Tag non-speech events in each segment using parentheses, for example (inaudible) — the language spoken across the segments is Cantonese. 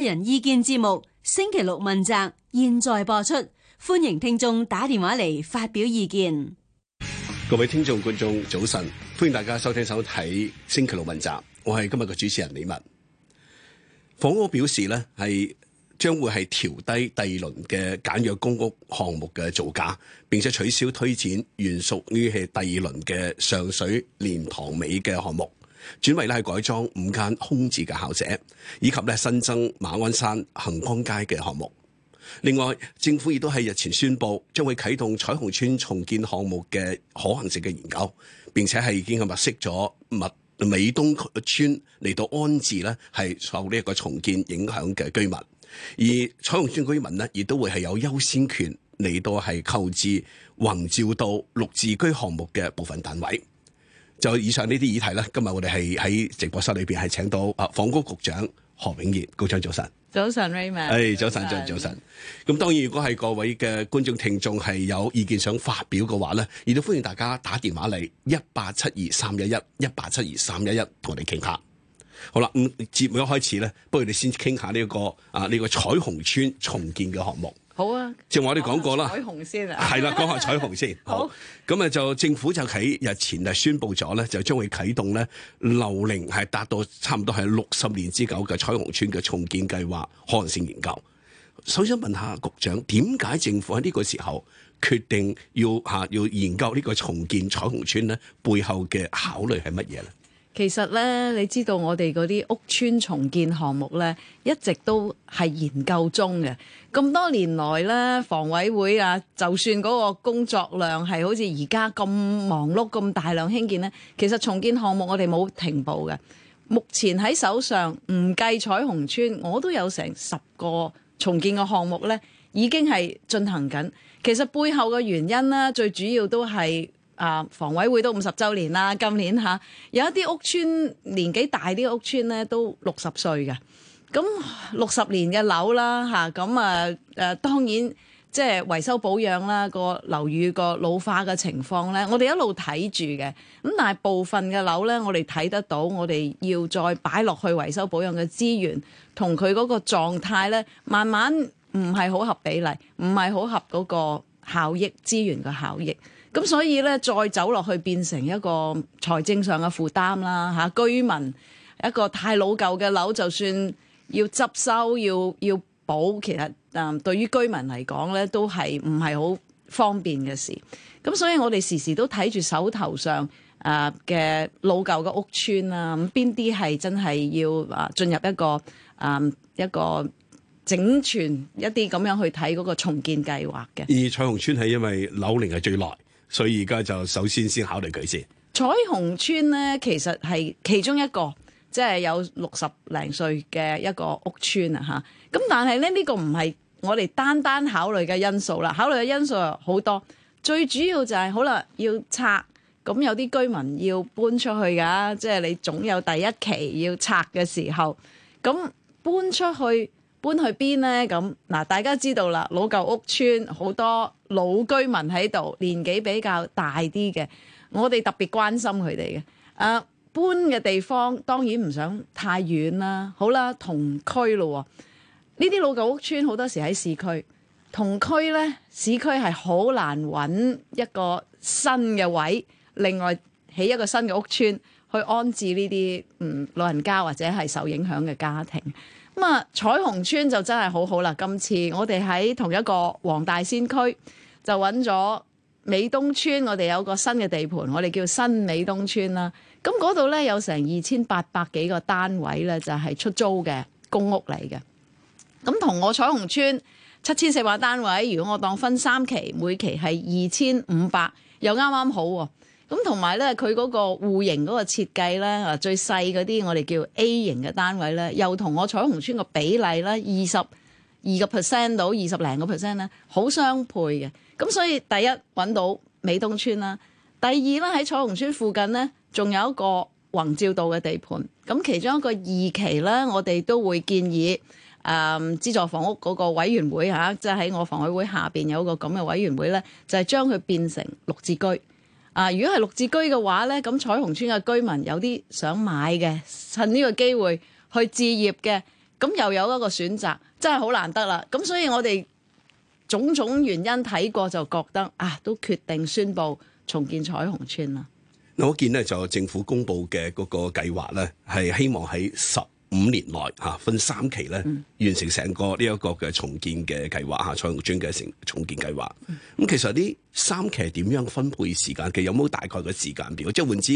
個人意見節目星期六問責，現在播出，歡迎聽眾打電話嚟發表意見。各位聽眾觀眾早晨，歡迎大家收聽收睇星期六問責，我係今日嘅主持人李文。房屋表示呢係將會係調低第二輪嘅簡約公屋項目嘅造價，並且取消推展原屬於係第二輪嘅上水蓮塘尾嘅項目。轉為咧係改裝五間空置嘅校舍，以及咧新增馬鞍山恒光街嘅項目。另外，政府亦都係日前宣布，將會啟動彩虹邨重建項目嘅可行性嘅研究，並且係已經係物色咗美東邨嚟到安置咧係受呢一個重建影響嘅居民，而彩虹邨居民呢，亦都會係有優先權嚟到係購置宏照道綠置居項目嘅部分單位。就以上呢啲議題啦。今日我哋係喺直播室裏邊係請到啊房屋局長何永賢局長，早晨。早晨 Raymond。誒 Ray、哎，早晨，早晨，早晨，早晨。咁當然，如果係各位嘅觀眾聽眾係有意見想發表嘅話呢，亦都歡迎大家打電話嚟一八七二三一一一八七二三一一同我哋傾下。好啦，咁、嗯、節目一開始呢，不如你先傾下呢、這個、嗯、啊呢、這個彩虹邨重建嘅項目。好啊，正話你講過啦，彩虹先啊，係啦， (laughs) 講下彩虹先。好，咁啊好就政府就喺日前啊宣佈咗咧，就將會啟動咧樓齡係達到差唔多係六十年之久嘅彩虹邨嘅重建計劃可能性研究。首先問下局長，點解政府喺呢個時候決定要吓、啊、要研究呢個重建彩虹邨咧？背後嘅考慮係乜嘢咧？其實咧，你知道我哋嗰啲屋邨重建項目咧，一直都係研究中嘅。咁多年來咧，房委會啊，就算嗰個工作量係好似而家咁忙碌、咁大量興建咧，其實重建項目我哋冇停步嘅。目前喺手上，唔計彩虹邨，我都有成十個重建嘅項目咧，已經係進行緊。其實背後嘅原因呢，最主要都係。啊，房委會都五十周年啦！今年嚇、啊、有一啲屋邨，年紀大啲屋邨咧，都六十歲嘅。咁六十年嘅樓啦嚇，咁啊誒、啊啊，當然即係、就是、維修保養啦，個樓宇個老化嘅情況咧，我哋一路睇住嘅。咁但係部分嘅樓咧，我哋睇得到，我哋要再擺落去維修保養嘅資源同佢嗰個狀態咧，慢慢唔係好合比例，唔係好合嗰個效益資源嘅效益。咁所以咧，再走落去變成一個財政上嘅負擔啦，吓、啊。居民一個太老舊嘅樓，就算要執收、要要補，其實啊、呃、對於居民嚟講咧，都係唔係好方便嘅事。咁、啊、所以我哋時時都睇住手頭上啊嘅、呃、老舊嘅屋邨啊，咁邊啲係真係要啊進入一個啊、呃、一個整全一啲咁樣去睇嗰個重建計劃嘅。而彩虹邨係因為樓齡係最耐。所以而家就首先先考慮佢先。彩虹邨咧，其實係其中一個，即、就、係、是，有六十零歲嘅一個屋邨啊，吓，咁但係咧，呢、這個唔係我哋單單考慮嘅因素啦，考慮嘅因素好多。最主要就係、是、好啦，要拆，咁有啲居民要搬出去㗎，即、啊、係、就是、你總有第一期要拆嘅時候，咁搬出去。搬去邊呢？咁嗱，大家知道啦，老舊屋邨好多老居民喺度，年紀比較大啲嘅，我哋特別關心佢哋嘅。誒、啊，搬嘅地方當然唔想太遠啦。好啦，同區咯喎，呢啲老舊屋邨好多時喺市區，同區呢，市區係好難揾一個新嘅位，另外起一個新嘅屋邨去安置呢啲嗯老人家或者係受影響嘅家庭。咁啊，彩虹邨就真係好好啦！今次我哋喺同一個黃大仙區，就揾咗美東村，我哋有個新嘅地盤，我哋叫新美東村啦。咁嗰度呢，有成二千八百幾個單位呢就係出租嘅公屋嚟嘅。咁同我彩虹邨七千四百單位，如果我當分三期，每期係二千五百，又啱啱好。咁同埋咧，佢嗰個戶型嗰個設計咧，啊最細嗰啲我哋叫 A 型嘅單位咧，又同我彩虹邨個比例咧，二十二個 percent 到二十零個 percent 咧，好相配嘅。咁所以第一揾到美東村啦，第二咧喺彩虹邨附近咧，仲有一個宏照道嘅地盤，咁其中一個二期咧，我哋都會建議誒、嗯、資助房屋嗰個委員會吓，即係喺我房委會下邊有個咁嘅委員會咧，就係將佢變成綠置居。啊！如果係綠置居嘅話咧，咁彩虹邨嘅居民有啲想買嘅，趁呢個機會去置業嘅，咁又有一個選擇，真係好難得啦！咁所以我哋種種原因睇過就覺得啊，都決定宣布重建彩虹邨啦。我見呢，就政府公布嘅嗰個計劃咧，係希望喺十。五年內嚇、啊、分三期咧，完成成個呢一個嘅重建嘅計劃嚇，彩虹邨嘅成重建計劃。咁、嗯、其實啲三期係點樣分配時間嘅？有冇大概嘅時間表？即係換之，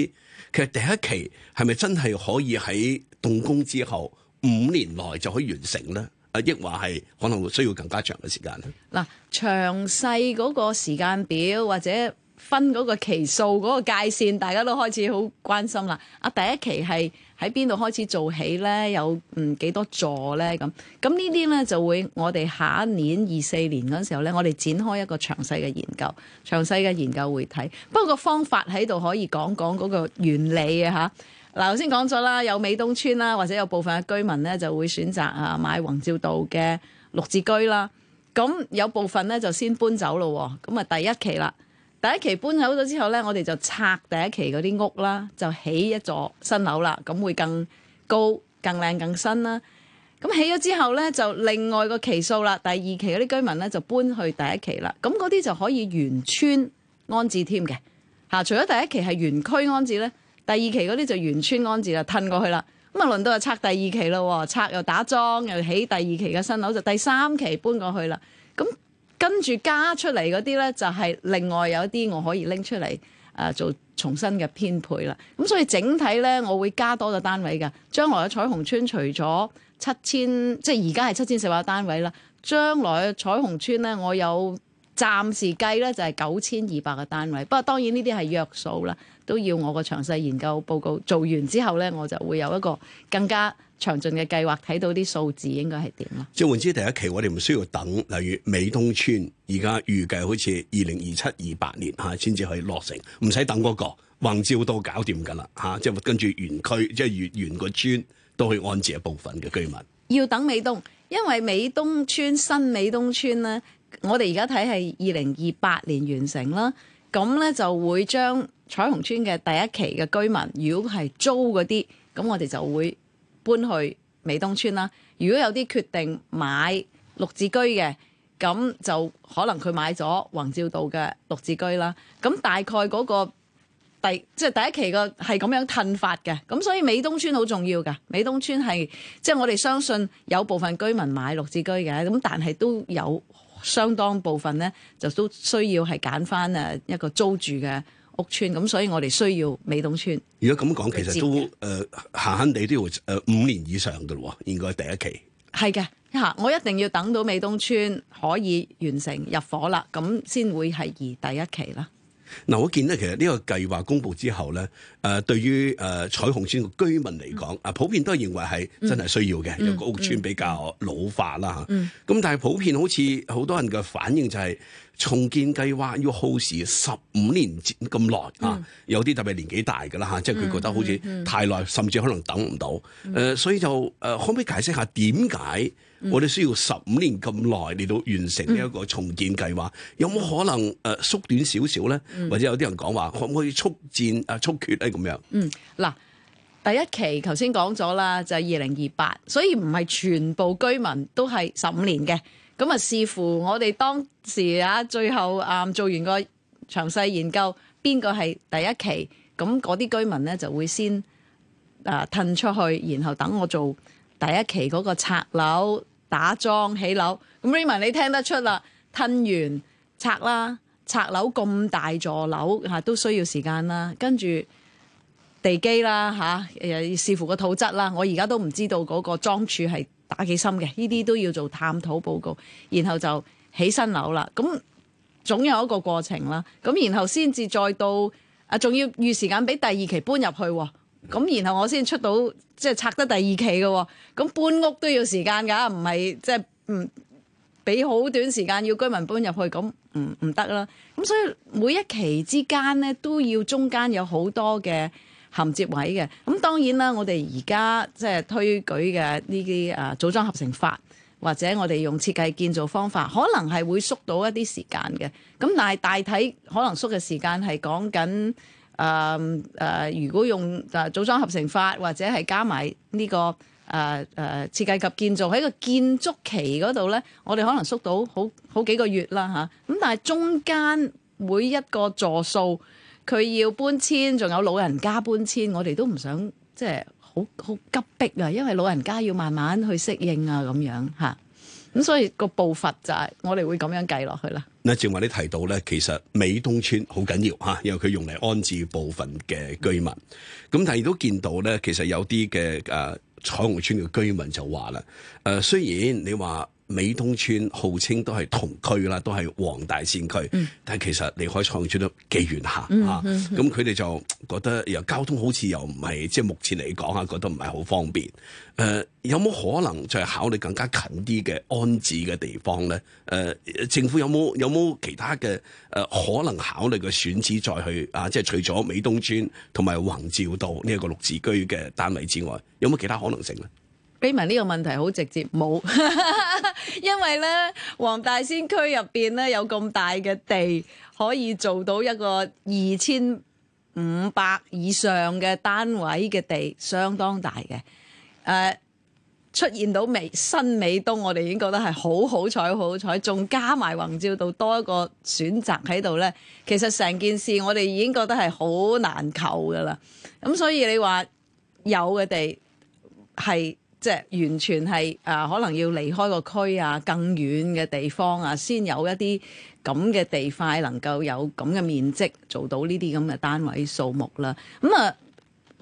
其實第一期係咪真係可以喺動工之後五年內就可以完成咧？啊，抑或係可能會需要更加長嘅時間咧？嗱、啊，詳細嗰個時間表或者分嗰個期數嗰個界線，大家都開始好關心啦。啊，第一期係。喺邊度開始做起咧？有嗯幾多座咧？咁咁呢啲咧就會我哋下一年二四年嗰時候咧，我哋展開一個詳細嘅研究，詳細嘅研究會睇。不過個方法喺度可以講講嗰個原理嘅吓。嗱，頭先講咗啦，有美東村啦，或者有部分嘅居民咧就會選擇啊買宏照道嘅綠置居啦。咁有部分咧就先搬走咯。咁啊，第一期啦。第一期搬走咗之後呢，我哋就拆第一期嗰啲屋啦，就起一座新樓啦，咁會更高、更靚、更新啦。咁起咗之後呢，就另外個期數啦。第二期嗰啲居民呢，就搬去第一期啦，咁嗰啲就可以原村安置添嘅。嚇，除咗第一期係原區安置呢，第二期嗰啲就原村安置啦，褪過去啦。咁啊，輪到啊拆第二期咯，拆又打樁，又起第二期嘅新樓，就第三期搬過去啦。咁跟住加出嚟嗰啲咧，就係另外有一啲我可以拎出嚟誒做重新嘅編配啦。咁所以整體咧，我會加多個單位嘅。將來嘅彩虹邨除咗七千，即係而家係七千四百單位啦。將來嘅彩虹邨咧，我有暫時計咧就係九千二百個單位。不過當然呢啲係約數啦，都要我個詳細研究報告做完之後咧，我就會有一個更加，詳盡嘅計劃睇到啲數字應該係點啊？即係換之第一期，我哋唔需要等，例如美東村而家預計好似二零二七、二八年吓，先、啊、至可以落成，唔使等嗰、那個宏照都搞掂噶啦吓，即係跟住園區，即係越完個村都可以安置一部分嘅居民。要等美東，因為美東村新美東村咧，我哋而家睇係二零二八年完成啦。咁咧就會將彩虹村嘅第一期嘅居民，如果係租嗰啲，咁我哋就會。搬去美東村啦，如果有啲決定買綠置居嘅，咁就可能佢買咗宏照道嘅綠置居啦。咁大概嗰個第即係、就是、第一期個係咁樣褪發嘅，咁所以美東村好重要㗎。美東村係即係我哋相信有部分居民買綠置居嘅，咁但係都有相當部分咧就都需要係揀翻誒一個租住嘅。屋邨咁，所以我哋需要美東邨。如果咁講，其實都誒，閒閒哋都要誒五年以上噶咯，應該第一期。係嘅，我一定要等到美東邨可以完成入伙啦，咁先會係而第一期啦。嗱，我見咧，其實呢個計劃公布之後咧，誒、呃，對於誒、呃、彩虹村嘅居民嚟講，啊、嗯，普遍都係認為係真係需要嘅，嗯、有個屋村比較老化啦，吓、嗯。咁、嗯、但係普遍好似好多人嘅反應就係重建計劃要耗時十五年咁耐、嗯、啊，有啲特別年紀大嘅啦吓，即係佢覺得好似太耐，甚至可能等唔到。誒、嗯，嗯嗯、所以就誒可唔可以解釋下點解？嗯、我哋需要十五年咁耐嚟到完成呢一個重建計劃，嗯、有冇可能誒、呃、縮短少少咧？或者有啲人講話可唔可以速戰啊速決咧、啊？咁樣嗯，嗱，第一期頭先講咗啦，就係二零二八，所以唔係全部居民都係十五年嘅。咁啊，視乎我哋當時啊，最後啊做完個詳細研究，邊個係第一期？咁嗰啲居民咧就會先啊褪出去，然後等我做第一期嗰個拆樓。打樁起樓，咁 Raymond 你聽得出啦？吞完拆啦，拆樓咁大座樓吓、啊，都需要時間啦。跟住地基啦，吓、啊、誒，視乎個土質啦。我而家都唔知道嗰個樁柱係打幾深嘅，呢啲都要做探討報告，然後就起新樓啦。咁、嗯、總有一個過程啦。咁然後先至再到啊，仲要預時間俾第二期搬入去喎。咁然後我先出到即係拆得第二期嘅，哦，咁搬屋都要時間㗎，唔係即係唔俾好短時間要居民搬入去，咁唔唔得啦。咁所以每一期之間咧都要中間有好多嘅銜接位嘅。咁當然啦，我哋而家即係推舉嘅呢啲誒組裝合成法，或者我哋用設計建造方法，可能係會縮到一啲時間嘅。咁但係大體可能縮嘅時間係講緊。誒誒，um, uh, 如果用誒組裝合成法，或者係加埋呢個誒誒、uh, uh, 設計及建造喺個建築期嗰度咧，我哋可能縮到好好幾個月啦嚇。咁但係中間每一個座數，佢要搬遷，仲有老人家搬遷，我哋都唔想即係好好急迫啊，因為老人家要慢慢去適應啊咁樣嚇。咁所以個步伐就係我哋會咁樣計落去啦。嗱，正話你提到咧，其實美東村好緊要吓，因為佢用嚟安置部分嘅居民。咁但係都見到咧，其實有啲嘅誒彩虹村嘅居民就話啦，誒、呃、雖然你話。美東村號稱都係同區啦，都係黃大仙區，嗯、但係其實離開創村都幾遠下啊！咁佢哋就覺得又交通好似又唔係，即係目前嚟講啊，覺得唔係好方便。誒、呃，有冇可能再考慮更加近啲嘅安置嘅地方咧？誒、呃，政府有冇有冇其他嘅誒可能考慮嘅選址再去啊？即係除咗美東村同埋宏照道呢一個綠置居嘅單位之外，有冇其他可能性咧？俾問呢個問題好直接，冇， (laughs) 因為咧黃大仙區入邊咧有咁大嘅地，可以做到一個二千五百以上嘅單位嘅地，相當大嘅。誒、呃，出現到美新美東，我哋已經覺得係好好彩，好彩，仲加埋宏照道多一個選擇喺度咧。其實成件事我哋已經覺得係好難求噶啦。咁所以你話有嘅地係。即係完全係啊、呃，可能要離開個區啊，更遠嘅地方啊，先有一啲咁嘅地塊能夠有咁嘅面積做到呢啲咁嘅單位數目啦。咁啊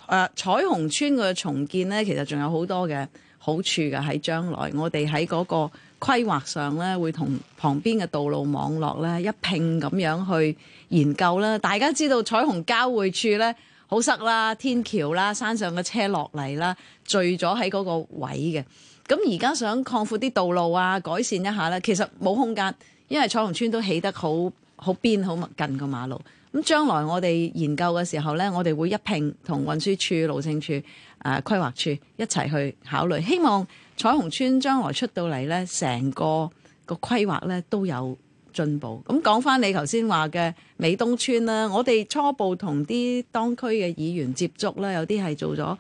誒彩虹邨嘅重建咧，其實仲有好多嘅好處㗎。喺將來，我哋喺嗰個規劃上咧，會同旁邊嘅道路網絡咧一拼咁樣去研究啦。大家知道彩虹交匯處咧，好塞啦，天橋啦，山上嘅車落嚟啦，聚咗喺嗰個位嘅。咁而家想擴闊啲道路啊，改善一下啦。其實冇空間，因為彩虹邨都起得好好邊，好近個馬路。咁將來我哋研究嘅時候呢，我哋會一併同運輸處、路政處、誒、呃、規劃處一齊去考慮。希望彩虹邨將來出到嚟呢，成個個規劃呢都有。進步，咁講返你頭先話嘅美東村啦，我哋初步同啲當區嘅議員接觸啦，有啲係做咗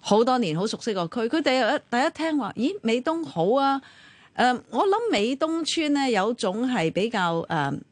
好多年，好熟悉個區。佢哋第一聽話，咦美東好啊。誒、呃，我諗美東村呢有種係比較誒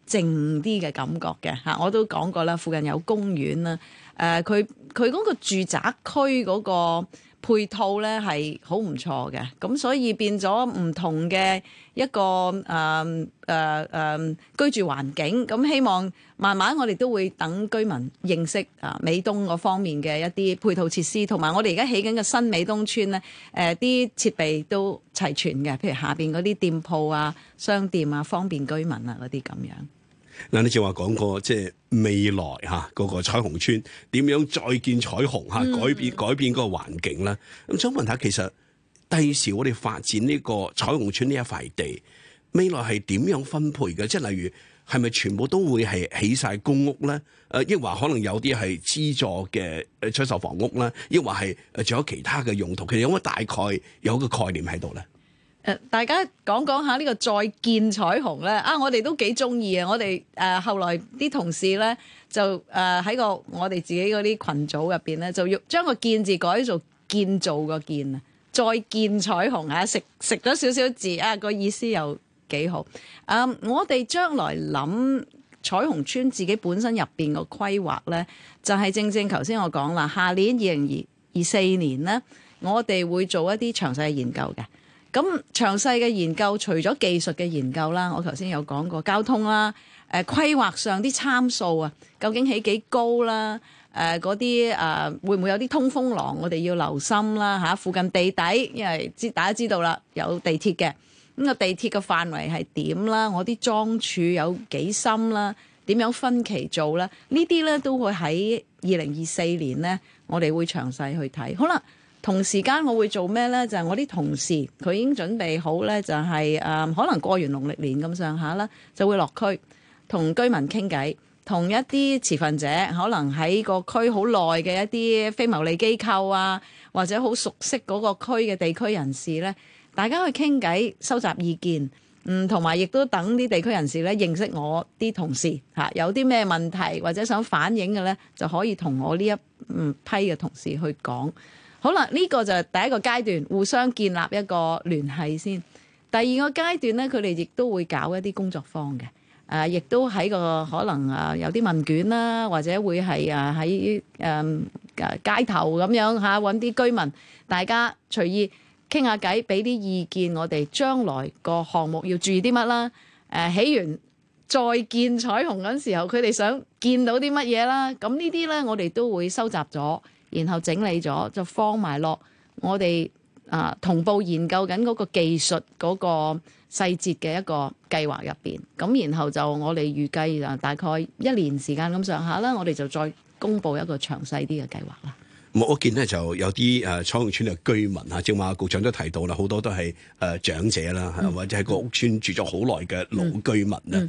靜啲嘅感覺嘅嚇，我都講過啦，附近有公園啦，誒、呃，佢佢嗰個住宅區嗰、嗰個。配套咧係好唔錯嘅，咁所以變咗唔同嘅一個誒誒誒居住環境，咁希望慢慢我哋都會等居民認識啊美東嗰方面嘅一啲配套設施，同埋我哋而家起緊嘅新美東村咧，誒、呃、啲設備都齊全嘅，譬如下邊嗰啲店鋪啊、商店啊，方便居民啊嗰啲咁樣。嗱，你正話講過即係未來嚇，嗰個彩虹村點樣再見彩虹嚇，改變改變嗰個環境啦。咁、嗯、想問下，其實第時我哋發展呢個彩虹村呢一塊地，未來係點樣分配嘅？即係例如係咪全部都會係起晒公屋咧？誒、呃，抑或可能有啲係資助嘅出售房屋咧，抑或係誒仲有其他嘅用途？其實有冇大概有一個概念喺度咧？誒，大家講講下呢個再見彩虹咧啊！我哋都幾中意啊！我哋誒後來啲同事咧就誒喺個我哋自己嗰啲群組入邊咧，就用將個見字改做建造個建啊！再見彩虹，啊、呃呃、見見見見彩虹啊！食食咗少少字啊，個意思又幾好啊、呃！我哋將來諗彩虹邨自己本身入邊個規劃咧，就係、是、正正頭先我講啦，下年二零二二四年咧，我哋會做一啲詳細嘅研究嘅。咁詳細嘅研究，除咗技術嘅研究啦，我頭先有講過交通啦，誒規劃上啲參數啊，究竟起幾高啦？誒嗰啲誒會唔會有啲通風廊，我哋要留心啦嚇、啊。附近地底，因為知大家知道啦，有地鐵嘅，咁個地鐵嘅範圍係點啦？我啲樁柱有幾深啦？點樣分期做啦？呢啲咧都會喺二零二四年呢，我哋會詳細去睇。好啦。同時間，我會做咩呢？就係我啲同事佢已經準備好呢，就係誒可能過完農曆年咁上下啦，就會落區同居民傾偈，同一啲持份者可能喺個區好耐嘅一啲非牟利機構啊，或者好熟悉嗰個區嘅地區人士呢，大家去傾偈收集意見，嗯，同埋亦都等啲地區人士呢認識我啲同事嚇。有啲咩問題或者想反映嘅呢，就可以同我呢一嗯批嘅同事去講。好啦，呢、這個就係第一個階段，互相建立一個聯繫先。第二個階段呢，佢哋亦都會搞一啲工作坊嘅，誒、呃，亦都喺個可能啊、呃，有啲問卷啦，或者會係啊喺誒街頭咁樣吓揾啲居民，大家隨意傾下偈，俾啲意見，我哋將來個項目要注意啲乜啦？誒、呃，起完再建彩虹嗰陣時候，佢哋想見到啲乜嘢啦？咁呢啲呢，我哋都會收集咗。然後整理咗就放埋落我哋啊同步研究緊嗰個技術嗰個細節嘅一個計劃入邊，咁然後就我哋預計啊大概一年時間咁上下啦，我哋就再公布一個詳細啲嘅計劃啦。我見咧就有啲誒彩虹村嘅居民啊，正話局長都提到啦，好多都係誒長者啦，或者喺個屋村住咗好耐嘅老居民咧。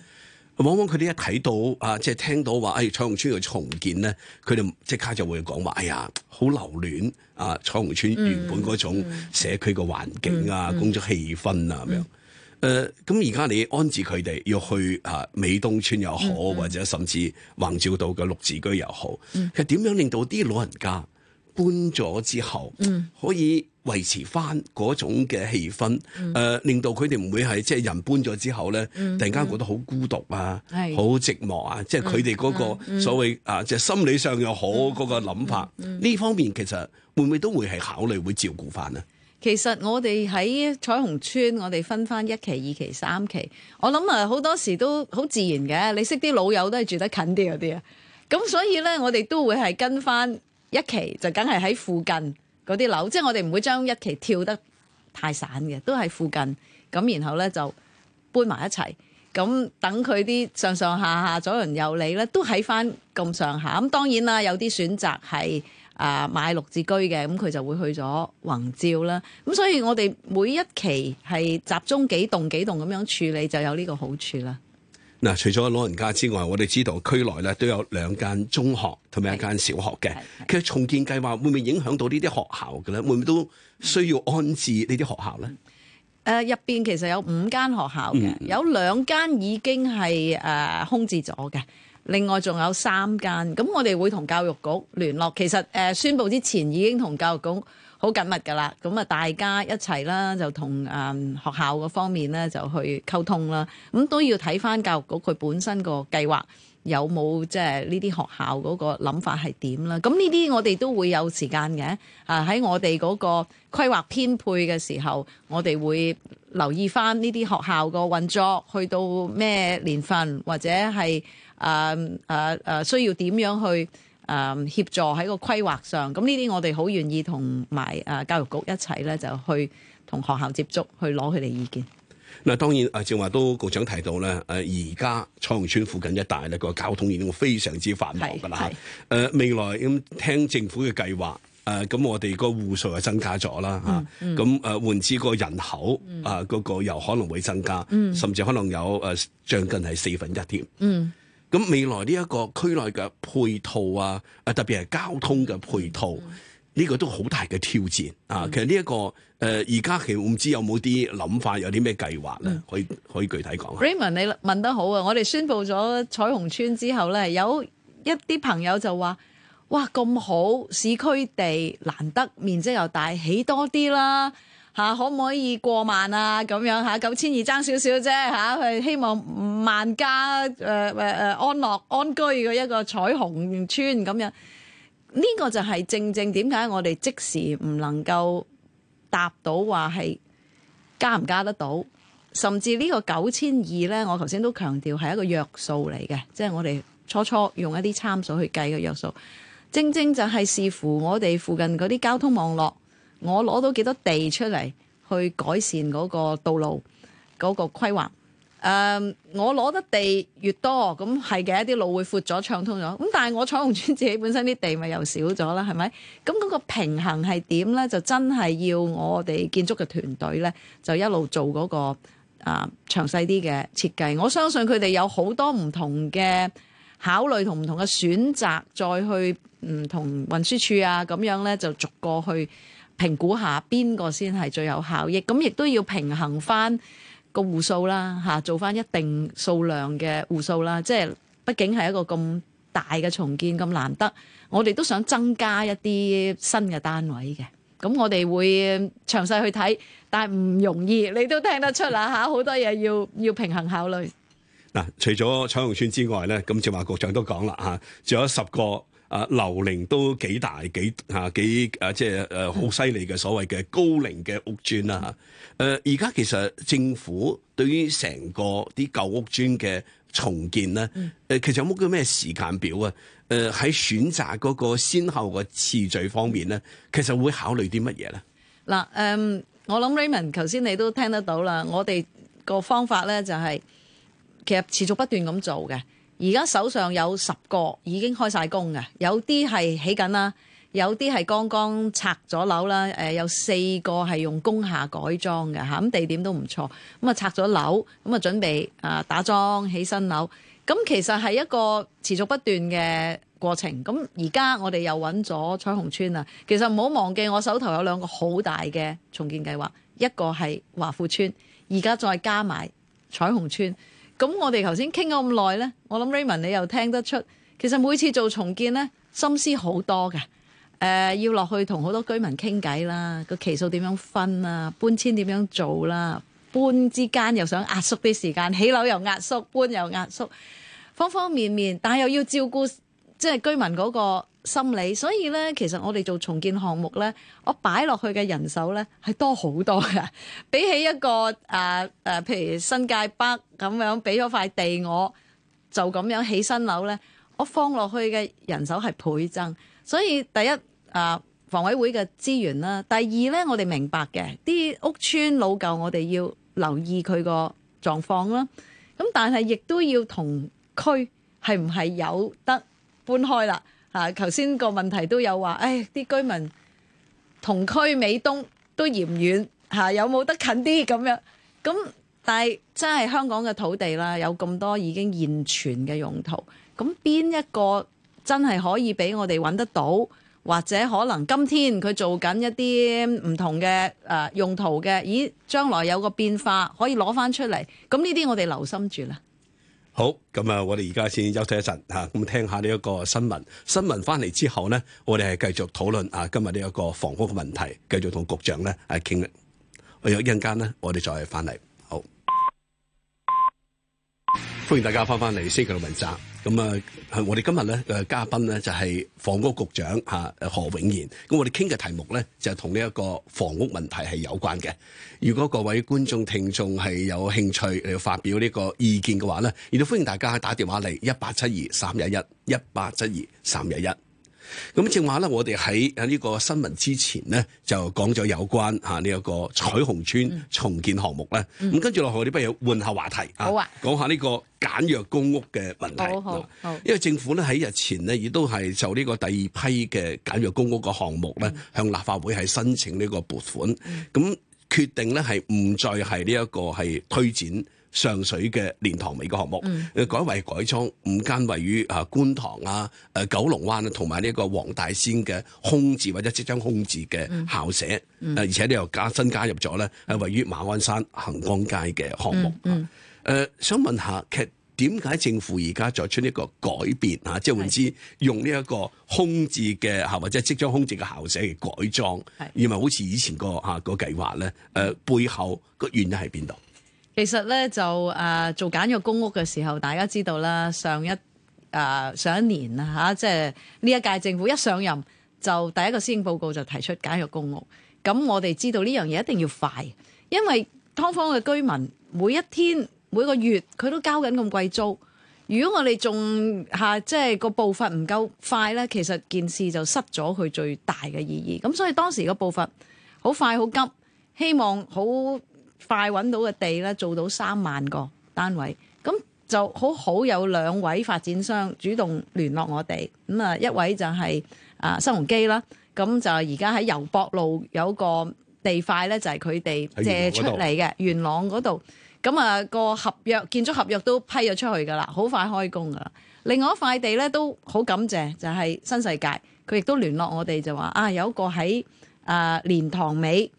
往往佢哋一睇到啊，即係聽到話，誒、哎、彩虹邨嘅重建咧，佢哋即刻就會講話，哎呀，好留戀啊彩虹邨原本嗰種社區嘅環境啊，嗯、工作氣氛啊咁、嗯、樣。誒、呃，咁而家你安置佢哋要去啊美東村又好，嗯、或者甚至橫照道嘅綠置居又好，其實點樣令到啲老人家？搬咗之後，可以維持翻嗰種嘅氣氛，誒、嗯呃，令到佢哋唔會係即係人搬咗之後咧，嗯嗯、突然間覺得好孤獨啊，是好寂寞啊，即係佢哋嗰個所謂、嗯、啊，即係心理上有好嗰個諗法。呢、嗯嗯嗯、方面其實會唔會都會係考慮會照顧翻咧？其實我哋喺彩虹邨，我哋分翻一期、二期、三期，我諗啊好多時都好自然嘅。你識啲老友都係住得近啲嗰啲啊，咁所以咧，我哋都會係跟翻。一期就梗係喺附近嗰啲樓，即係我哋唔會將一期跳得太散嘅，都係附近咁，然後呢，就搬埋一齊，咁等佢啲上上下下左鄰右里呢，都喺翻咁上下。咁當然啦，有啲選擇係啊買綠置居嘅，咁佢就會去咗宏照啦。咁所以我哋每一期係集中幾棟幾棟咁樣處理，就有呢個好處啦。嗱，除咗老人家之外，我哋知道區內咧都有兩間中學同埋一間小學嘅。其實重建計劃會唔會影響到呢啲學校嘅咧？會唔會都需要安置呢啲學校咧？誒、嗯，呃，入邊其實有五間學校嘅，有兩間已經係誒、呃、空置咗嘅，另外仲有三間。咁我哋會同教育局聯絡。其實誒、呃，宣布之前已經同教育局。好緊密噶啦，咁，啊，大家一齊啦，就同誒、嗯、學校個方面咧，就去溝通啦。咁、嗯、都要睇翻教育局佢本身個計劃有冇，即係呢啲學校嗰個諗法係點啦。咁呢啲我哋都會有時間嘅。啊、呃、喺我哋嗰個規劃編配嘅時候，我哋會留意翻呢啲學校個運作，去到咩年份或者係誒誒誒需要點樣去。誒、嗯、協助喺個規劃上，咁呢啲我哋好願意同埋誒教育局一齊咧，就去同學校接觸，去攞佢哋意見。嗱，當然誒，正話都局長提到咧，誒而家彩虹邨附近一帶咧個交通已經非常之繁忙噶啦嚇。誒、啊、未來咁聽政府嘅計劃，誒、啊、咁我哋個戶數啊增加咗啦嚇。咁誒、嗯嗯啊、換至個人口、嗯、啊嗰、那個又可能會增加，嗯、甚至可能有誒將、啊、近係四分一添。嗯咁未來呢一個區內嘅配套啊，啊特別係交通嘅配套，呢個都好大嘅挑戰啊！其實呢一個，誒而家其實唔知有冇啲諗法，有啲咩計劃咧？可以可以具體講、嗯。Raymond，你問得好啊！我哋宣布咗彩虹邨之後咧，有一啲朋友就話，哇，咁好市區地難得，面積又大，起多啲啦！吓、啊、可唔可以過萬啊？咁樣嚇九千二爭少少啫嚇，佢、啊、希望萬家誒誒誒安樂安居嘅一個彩虹邨咁樣。呢、這個就係正正點解我哋即時唔能夠答到話係加唔加得到，甚至呢個九千二咧，我頭先都強調係一個約數嚟嘅，即、就、係、是、我哋初初用一啲參數去計嘅約數。正正就係視乎我哋附近嗰啲交通網絡。我攞到幾多地出嚟去改善嗰個道路嗰個規劃？呃、我攞得地越多，咁係嘅一啲路會闊咗、暢通咗。咁但係我彩虹邨自己本身啲地咪又少咗啦？係咪咁，嗰個平衡係點咧？就真係要我哋建築嘅團隊咧，就一路做嗰個啊、呃、詳細啲嘅設計。我相信佢哋有好多唔同嘅考慮同唔同嘅選擇，再去唔同運輸處啊咁樣咧，就逐個去。評估下邊個先係最有效益，咁亦都要平衡翻個戶數啦，嚇做翻一定數量嘅戶數啦，即係畢竟係一個咁大嘅重建咁難得，我哋都想增加一啲新嘅單位嘅，咁我哋會詳細去睇，但係唔容易，你都聽得出啦嚇，好多嘢要要平衡考慮。嗱，除咗彩虹邨之外咧，咁政務局長都講啦嚇，仲有十個。啊，樓齡都幾大，幾嚇、啊、幾啊，即係誒好犀利嘅所謂嘅高齡嘅屋邨啦嚇。誒而家其實政府對於成個啲舊屋邨嘅重建咧，誒、呃、其實有冇叫咩時間表啊？誒、呃、喺選擇嗰個先後個次序方面咧，其實會考慮啲乜嘢咧？嗱誒、嗯，我諗 Raymond 頭先你都聽得到啦，我哋個方法咧就係、是、其實持續不斷咁做嘅。而家手上有十個已經開晒工嘅，有啲係起緊啦，有啲係剛剛拆咗樓啦。誒，有四個係用工廈改裝嘅吓，咁地點都唔錯。咁啊拆咗樓，咁啊準備啊打樁起新樓。咁其實係一個持續不斷嘅過程。咁而家我哋又揾咗彩虹邨啊。其實唔好忘記，我手頭有兩個好大嘅重建計劃，一個係華富邨，而家再加埋彩虹邨。咁我哋頭先傾咗咁耐呢，我諗 Raymond 你又聽得出，其實每次做重建呢，心思好多嘅。誒、呃，要落去同好多居民傾偈啦，個期數點樣分啊，搬遷點樣做啦，搬之間又想壓縮啲時間，起樓又壓縮，搬又壓縮，方方面面，但係又要照顧即係居民嗰、那個心理，所以咧，其實我哋做重建項目咧，我擺落去嘅人手咧係多好多噶，比起一個誒誒、啊啊，譬如新界北咁樣俾咗塊地，我就咁樣起新樓咧，我放落去嘅人手係倍增。所以第一，誒、啊，房委會嘅資源啦，第二咧，我哋明白嘅啲屋邨老舊，我哋要留意佢個狀況啦。咁但係亦都要同區係唔係有得搬開啦。嚇！頭先、啊、個問題都有話，誒、哎、啲居民同區美東都嫌遠，嚇、啊、有冇得近啲咁樣？咁但係真係香港嘅土地啦，有咁多已經現存嘅用途，咁邊一個真係可以俾我哋揾得到，或者可能今天佢做緊一啲唔同嘅誒、呃、用途嘅，咦？將來有個變化可以攞返出嚟，咁呢啲我哋留心住啦。好，咁啊，我哋而家先休息一陣嚇，咁、啊、聽下呢一個新聞。新聞翻嚟之後咧，我哋係繼續討論啊，今日呢一個房屋問題，繼續同局長咧係傾咧。我有一陣間咧，我哋再翻嚟。歡迎大家翻翻嚟《星期六問責》咁啊，我哋今日咧嘅嘉賓咧就係房屋局長吓何永賢。咁我哋傾嘅題目咧就係同呢一個房屋問題係有關嘅。如果各位觀眾聽眾係有興趣嚟發表呢個意見嘅話咧，亦都歡迎大家打電話嚟一八七二三一一一八七二三一一。咁正話咧，我哋喺喺呢個新聞之前咧，就講咗有關吓呢一個彩虹邨重建項目咧。咁、嗯、跟住落去，我哋不如換下話題好啊，講下呢個簡約公屋嘅問題好。好，好，因為政府咧喺日前咧亦都係就呢個第二批嘅簡約公屋嘅項目咧，向立法會係申請呢個撥款，咁、嗯、決定咧係唔再係呢一個係推展。上水嘅蓮塘尾嘅項目，嗯、改為改裝五間位於啊觀塘啊誒九龍灣啊同埋呢個黃大仙嘅空置或者即將空置嘅校舍，嗯嗯、而且呢，又加新加入咗咧，係位於馬鞍山恒光街嘅項目。誒、嗯嗯啊呃，想問下，其實點解政府而家作出呢個改變啊？即係換之用呢一個空置嘅吓或者即將空置嘅校舍嚟改裝，而唔係好似以前，啊那個吓個計劃咧？誒、啊，背後個原因喺邊度？其實咧就誒、啊、做簡約公屋嘅時候，大家知道啦。上一誒、啊、上一年啊吓，即係呢一屆政府一上任就第一個施政報告就提出簡約公屋。咁我哋知道呢樣嘢一定要快，因為劏房嘅居民每一天每個月佢都交緊咁貴租。如果我哋仲吓即係個步伐唔夠快呢，其實件事就失咗佢最大嘅意義。咁所以當時個步伐好快好急，希望好快揾到嘅地咧，做到三萬個單位，咁就好好有兩位發展商主動聯絡我哋，咁啊一位就係、是、啊、呃、新鴻基啦，咁就而家喺油博路有個地塊咧，就係佢哋借出嚟嘅，元朗嗰度，咁啊個合約建築合約都批咗出去噶啦，好快開工噶啦。另外一塊地咧都好感謝，就係、是、新世界，佢亦都聯絡我哋就話啊有一個喺啊蓮塘尾。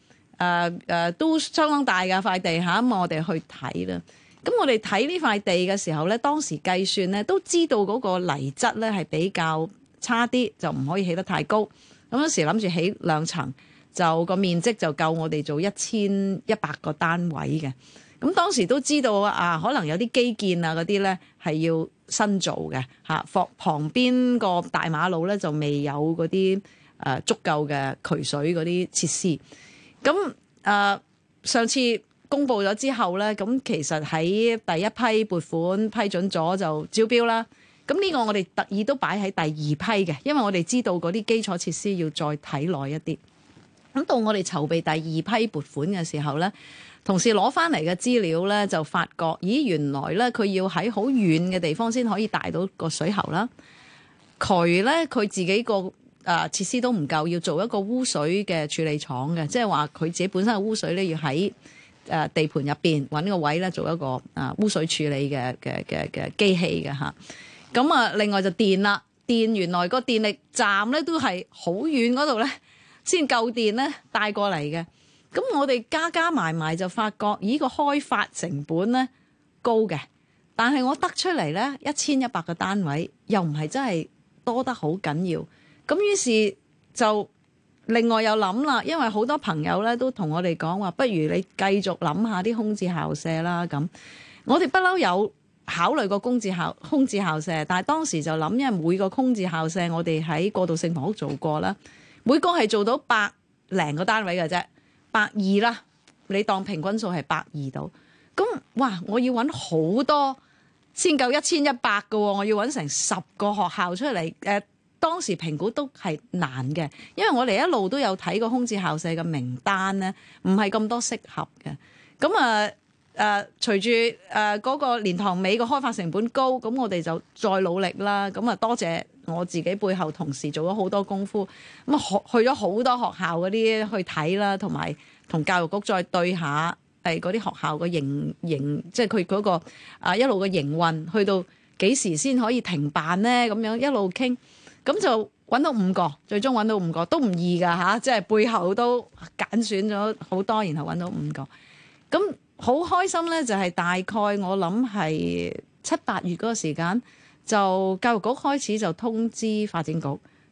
誒誒、嗯、都相當大嘅塊地嚇，咁、啊嗯、我哋去睇啦。咁、嗯、我哋睇呢塊地嘅時候咧，當時計算咧都知道嗰個泥質咧係比較差啲，就唔可以起得太高。咁、嗯、嗰時諗住起兩層，就個面積就夠我哋做一千一百個單位嘅。咁、嗯、當時都知道啊，可能有啲基建啊嗰啲呢係要新造嘅嚇、啊，旁旁邊個大馬路呢，就未有嗰啲誒足夠嘅渠水嗰啲設施。咁誒、嗯、上次公布咗之後呢，咁其實喺第一批撥款批准咗就招標啦。咁、這、呢個我哋特意都擺喺第二批嘅，因為我哋知道嗰啲基礎設施要再睇耐一啲。咁到我哋籌備第二批撥款嘅時候呢，同事攞翻嚟嘅資料呢，就發覺，咦原來呢，佢要喺好遠嘅地方先可以大到個水喉啦。佢呢，佢自己個。啊！設施都唔夠，要做一個污水嘅處理廠嘅，即係話佢自己本身嘅污水咧，要喺誒、呃、地盤入邊揾個位咧，做一個啊、呃、污水處理嘅嘅嘅嘅機器嘅嚇。咁啊，另外就電啦，電原來個電力站咧都係好遠嗰度咧先夠電咧帶過嚟嘅。咁我哋加加埋埋就發覺，咦，個開發成本咧高嘅，但係我得出嚟咧一千一百個單位又唔係真係多得好緊要。咁於是就另外又諗啦，因為好多朋友咧都同我哋講話，不如你繼續諗下啲空置校舍啦。咁我哋不嬲有考慮過空置校空置校舍，但係當時就諗，因為每個空置校舍我哋喺過渡性房屋做過啦，每個係做到百零個單位嘅啫，百二啦，你當平均數係百二度。咁哇，我要揾好多先夠一千一百個，我要揾成十個學校出嚟誒。呃當時評估都係難嘅，因為我哋一路都有睇過空置校舍嘅名單咧，唔係咁多適合嘅。咁啊，誒、呃，隨住誒嗰個連堂尾個開發成本高，咁我哋就再努力啦。咁啊，多謝我自己背後同事做咗好多功夫，咁啊，去咗好多學校嗰啲去睇啦，同埋同教育局再對下誒嗰啲學校嘅營營，即係佢嗰個啊一路嘅營運，去到幾時先可以停辦呢？咁樣一路傾。咁就揾到五個，最終揾到五個都唔易㗎吓，即係背後都揀選咗好多，然後揾到五個。咁好開心咧，就係、是、大概我諗係七八月嗰個時間，就教育局開始就通知發展局，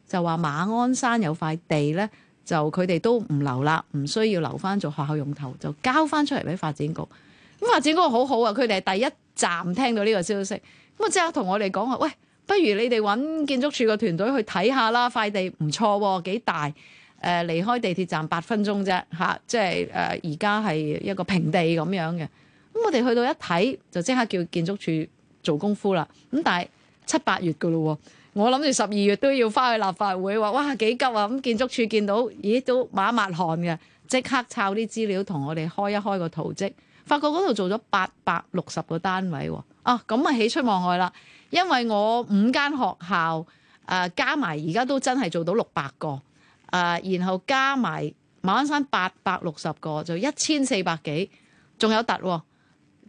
就話馬鞍山有塊地咧，就佢哋都唔留啦，唔需要留返做學校用途，就交返出嚟俾發展局。咁發展局好好啊，佢哋係第一站聽到呢個消息，咁即刻同我哋講話，喂！不如你哋揾建築署個團隊去睇下啦，塊地唔錯喎、啊，幾大誒、呃，離開地鐵站八分鐘啫，吓、啊，即係誒，而家係一個平地咁樣嘅。咁、嗯、我哋去到一睇，就即刻叫建築署做功夫啦。咁、嗯、但係七八月嘅咯、啊，我諗住十二月都要返去立法會話，哇幾急啊！咁、嗯、建築署見到，咦都抹一抹汗嘅，即刻抄啲資料同我哋開一開個圖則，發覺嗰度做咗八百六十個單位喎、啊，啊咁啊喜出望外啦！因為我五間學校誒、呃、加埋而家都真係做到六百個誒、呃，然後加埋馬鞍山八百六十個，就一千四百幾，仲有突喎、哦。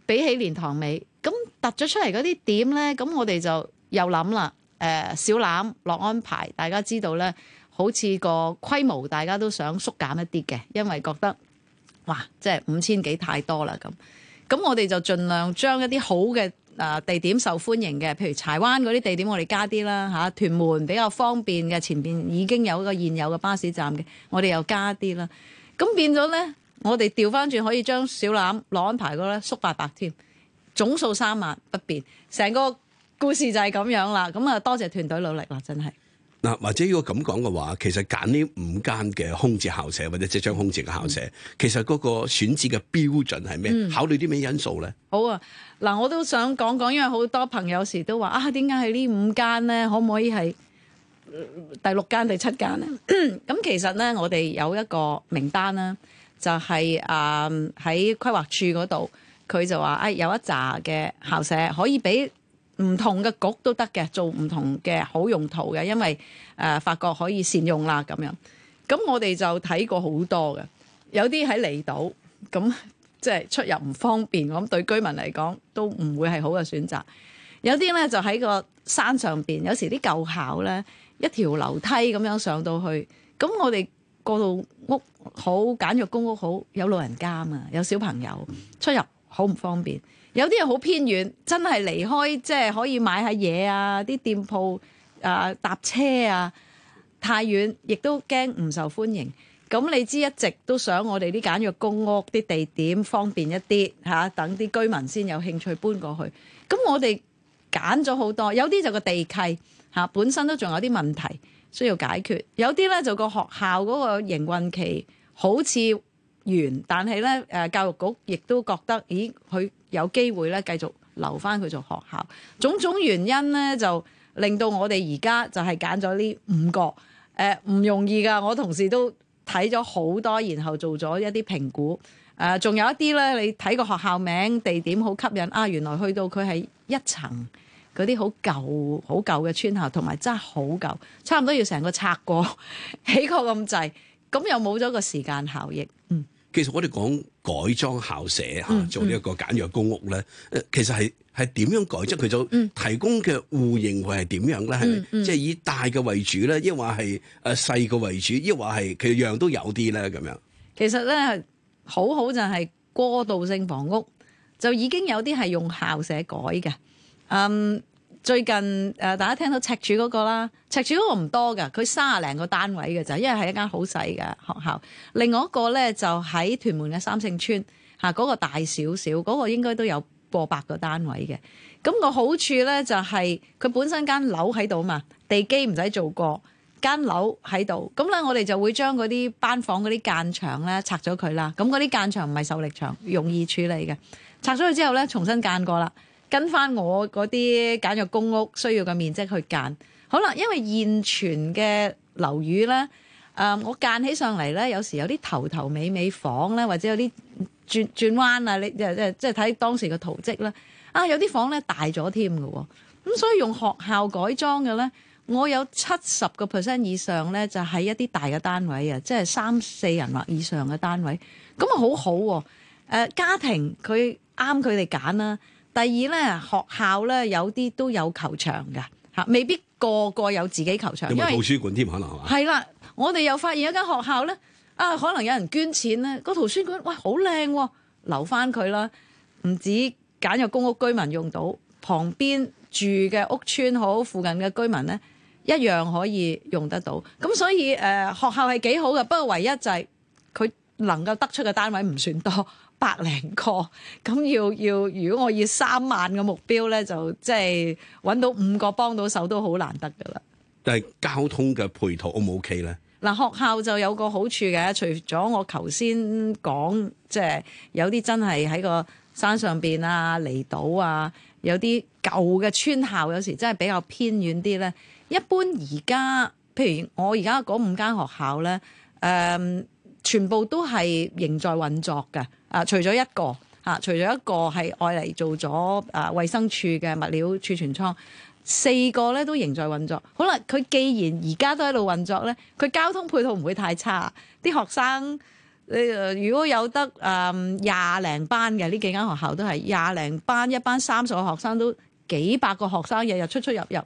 比起蓮塘尾，咁突咗出嚟嗰啲點呢？咁我哋就又諗啦誒，小欖落安排。大家知道呢，好似個規模大家都想縮減一啲嘅，因為覺得哇，即係五千幾太多啦咁。咁我哋就盡量將一啲好嘅。啊！地點受歡迎嘅，譬如柴灣嗰啲地點我，我哋加啲啦嚇。屯門比較方便嘅，前邊已經有一個現有嘅巴士站嘅，我哋又加啲啦。咁、啊、變咗呢，我哋調翻轉可以將小欖攞安排嗰咧縮八百添，總數三萬不變。成個故事就係咁樣啦。咁啊，多謝團隊努力啦，真係。嗱，或者如果咁講嘅話，其實揀呢五間嘅空置校舍或者即將空置嘅校舍，其實嗰個選址嘅標準係咩？嗯、考慮啲咩因素咧？好啊，嗱，我都想講講，因為好多朋友時都話啊，點解係呢五間咧？可唔可以係第六間、第七間咧？咁 (coughs) 其實咧，我哋有一個名單啦，就係啊喺規劃處嗰度，佢就話啊、哎、有一紮嘅校舍可以俾。唔同嘅局都得嘅，做唔同嘅好用途嘅，因為誒、呃、發覺可以善用啦咁樣。咁我哋就睇過好多嘅，有啲喺離島，咁即係出入唔方便，咁對居民嚟講都唔會係好嘅選擇。有啲咧就喺個山上邊，有時啲舊校咧一條樓梯咁樣上到去，咁我哋過到屋好簡約公屋好，有老人家嘛，有小朋友出入好唔方便。有啲嘢好偏遠，真係離開即係可以買下嘢啊！啲店鋪啊，搭車啊太遠，亦都驚唔受歡迎。咁你知一直都想我哋啲簡約公屋啲地點方便一啲嚇、啊，等啲居民先有興趣搬過去。咁我哋揀咗好多，有啲就個地契嚇、啊、本身都仲有啲問題需要解決，有啲呢就個學校嗰個營運期好似完，但係呢誒教育局亦都覺得咦佢。有機會咧繼續留翻佢做學校，種種原因咧就令到我哋而家就係揀咗呢五個，誒、呃、唔容易噶。我同事都睇咗好多，然後做咗一啲評估，誒、呃、仲有一啲咧，你睇個學校名地點好吸引，啊原來去到佢係一層嗰啲好舊好舊嘅村校，同埋真係好舊，差唔多要成個拆過起過咁滯，咁又冇咗個時間效益，嗯。其實我哋講改裝校舍吓，做呢一個簡約公屋咧，嗯嗯、其實係係點樣改？即係佢就提供嘅戶型會係點樣咧？係、嗯嗯、即係以大嘅為主咧，抑或係誒細嘅為主，抑或係其實樣都有啲咧咁樣。其實咧好好就係過渡性房屋就已經有啲係用校舍改嘅，嗯、um。最近誒、呃，大家聽到赤柱嗰個啦，赤柱嗰個唔多噶，佢三十零個單位嘅咋，因為係一間好細嘅學校。另外一個咧就喺屯門嘅三聖村嚇，嗰、啊那個大少少，嗰、那個應該都有過百個單位嘅。咁、那個好處咧就係、是、佢本身間樓喺度啊嘛，地基唔使做過，間樓喺度，咁咧我哋就會將嗰啲班房嗰啲間牆咧拆咗佢啦。咁嗰啲間牆唔係受力牆，容易處理嘅。拆咗佢之後咧，重新間過啦。跟翻我嗰啲簡約公屋需要嘅面積去揀，好啦，因為現存嘅樓宇咧，誒、呃，我揀起上嚟咧，有時有啲頭頭尾尾房咧，或者有啲轉轉彎啊，你即即即睇當時嘅圖則啦。啊，有啲房咧大咗添㗎，咁所以用學校改裝嘅咧，我有七十個 percent 以上咧，就係一啲大嘅單位啊，即係三四人或以上嘅單位，咁啊，好好誒家庭佢啱佢哋揀啦。第二咧，學校咧有啲都有球場嘅嚇，未必個個有自己球場，有冇圖書館添可能係嘛？係啦，我哋又發現一間學校咧，啊，可能有人捐錢咧，個圖書館嘩好靚喎，留翻佢啦。唔止簡約公屋居民用到，旁邊住嘅屋村好附近嘅居民咧一樣可以用得到。咁所以誒、呃，學校係幾好嘅，不過唯一就係佢能夠得出嘅單位唔算多。百零個咁要要，如果我要三萬個目標咧，就即係揾到五個幫到手都好難得噶啦。但係交通嘅配套 O 唔 O K 咧？嗱，學校就有個好處嘅，除咗我頭先講，即係有啲真係喺個山上邊啊、離島啊，有啲舊嘅村校，有時真係比較偏遠啲咧。一般而家譬如我而家嗰五間學校咧，誒、呃，全部都係仍在運作嘅。啊！除咗一個，嚇、啊，除咗一個係愛嚟做咗啊，衛生署嘅物料儲存倉，四個咧都仍在運作。好啦，佢既然而家都喺度運作咧，佢交通配套唔會太差。啲學生，你、呃、如果有得啊廿零班嘅呢幾間學校都係廿零班，一班三十個學生，都幾百個學生，日日出出入入，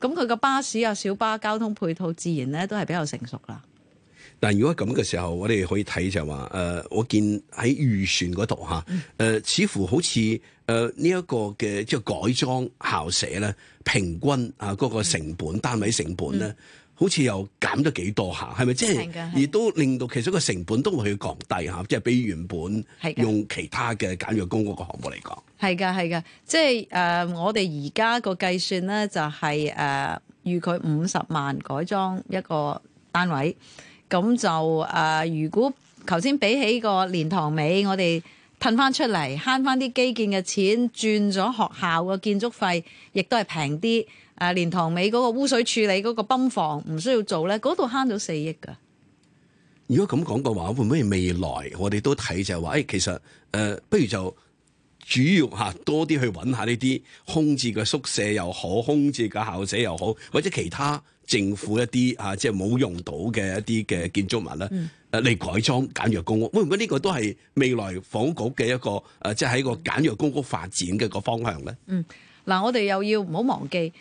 咁佢個巴士啊、小巴交通配套自然咧都係比較成熟啦。嗱，如果咁嘅時候，我哋可以睇就話、是，誒、呃，我見喺預算嗰度嚇，誒、呃，似乎好似誒呢一個嘅即係改裝校舍咧，平均啊嗰、那個成本、嗯、單位成本咧，嗯、好似又減咗幾多下，係咪？即係亦都令到其實個成本都會去降低嚇、啊，即係比原本用其他嘅簡約公屋嗰個項目嚟講，係㗎係㗎，即係誒、呃、我哋而家個計算咧就係、是、誒、呃呃、預佢五十萬改裝一個單位。咁就誒、呃，如果頭先比起個蓮塘尾，我哋褪翻出嚟，慳翻啲基建嘅錢，轉咗學校嘅建築費，亦都係平啲。誒、啊，蓮塘尾嗰個污水處理嗰個泵房唔需要做咧，嗰度慳咗四億㗎。如果咁講嘅話，會唔會未來我哋都睇就係話，誒、哎，其實誒、呃，不如就。主要嚇多啲去揾下呢啲空置嘅宿舍又好，空置嘅校舍又好，或者其他政府一啲嚇、啊、即係冇用到嘅一啲嘅建築物咧，誒嚟、嗯、改裝簡約公屋。會唔會呢個都係未來房屋局嘅一個誒、啊、即係喺個簡約公屋發展嘅個方向咧？嗯，嗱，我哋又要唔好忘記，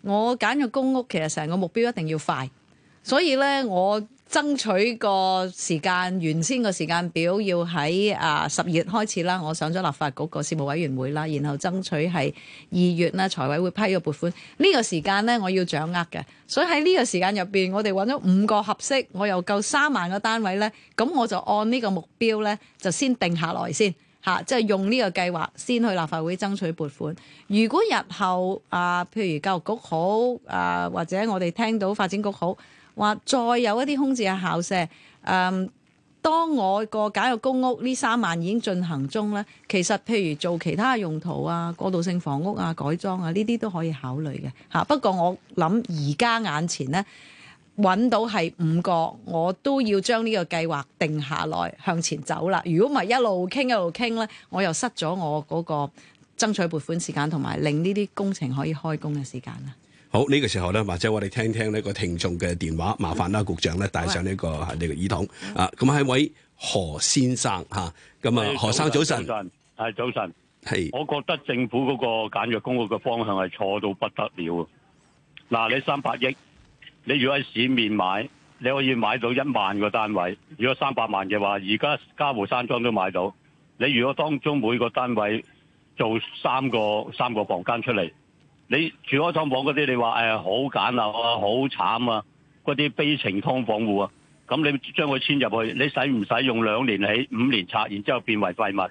我簡約公屋其實成個目標一定要快，所以咧我。爭取個時間，原先個時間表要喺啊十月開始啦。我上咗立法局個事務委員會啦，然後爭取係二月啦，財委會批個撥款。呢、呢個時間呢，我要掌握嘅。所以喺呢個時間入邊，我哋揾咗五個合適，我又夠三萬個單位呢。咁我就按呢個目標呢，就先定下來先吓，即、啊、係、就是、用呢個計劃先去立法會爭取撥款。如果日後啊，譬如教育局好啊，或者我哋聽到發展局好。話再有一啲空置嘅校舍，誒、嗯，當我個簡約公屋呢三萬已經進行中咧，其實譬如做其他用途啊、過渡性房屋啊、改裝啊，呢啲都可以考慮嘅吓。不過我諗而家眼前咧揾到係五個，我都要將呢個計劃定下來向前走啦。如果唔係一路傾一路傾咧，我又失咗我嗰個爭取撥款時間同埋令呢啲工程可以開工嘅時間啦。好呢，呢個時候咧，或者我哋聽聽呢個聽眾嘅電話，麻煩啦，啊，局長咧帶上呢、呢個呢的個耳筒的啊！咁係位何先生吓，咁啊何生早晨，係早晨，係。的我覺得政府嗰個簡約公屋嘅方向係錯到不得了。嗱，啊，你三百億，你如果喺市面買，你可以買到一萬個單位。如果三百萬嘅話，而家嘉湖山莊都買到。你如果當中每個單位做三個三個房間出嚟。你住開㓥房嗰啲，你話誒好簡陋啊，好慘啊，嗰啲悲情㓥房戶啊，咁你將佢遷入去，你使唔使用兩年起五年拆，然之後變為廢物？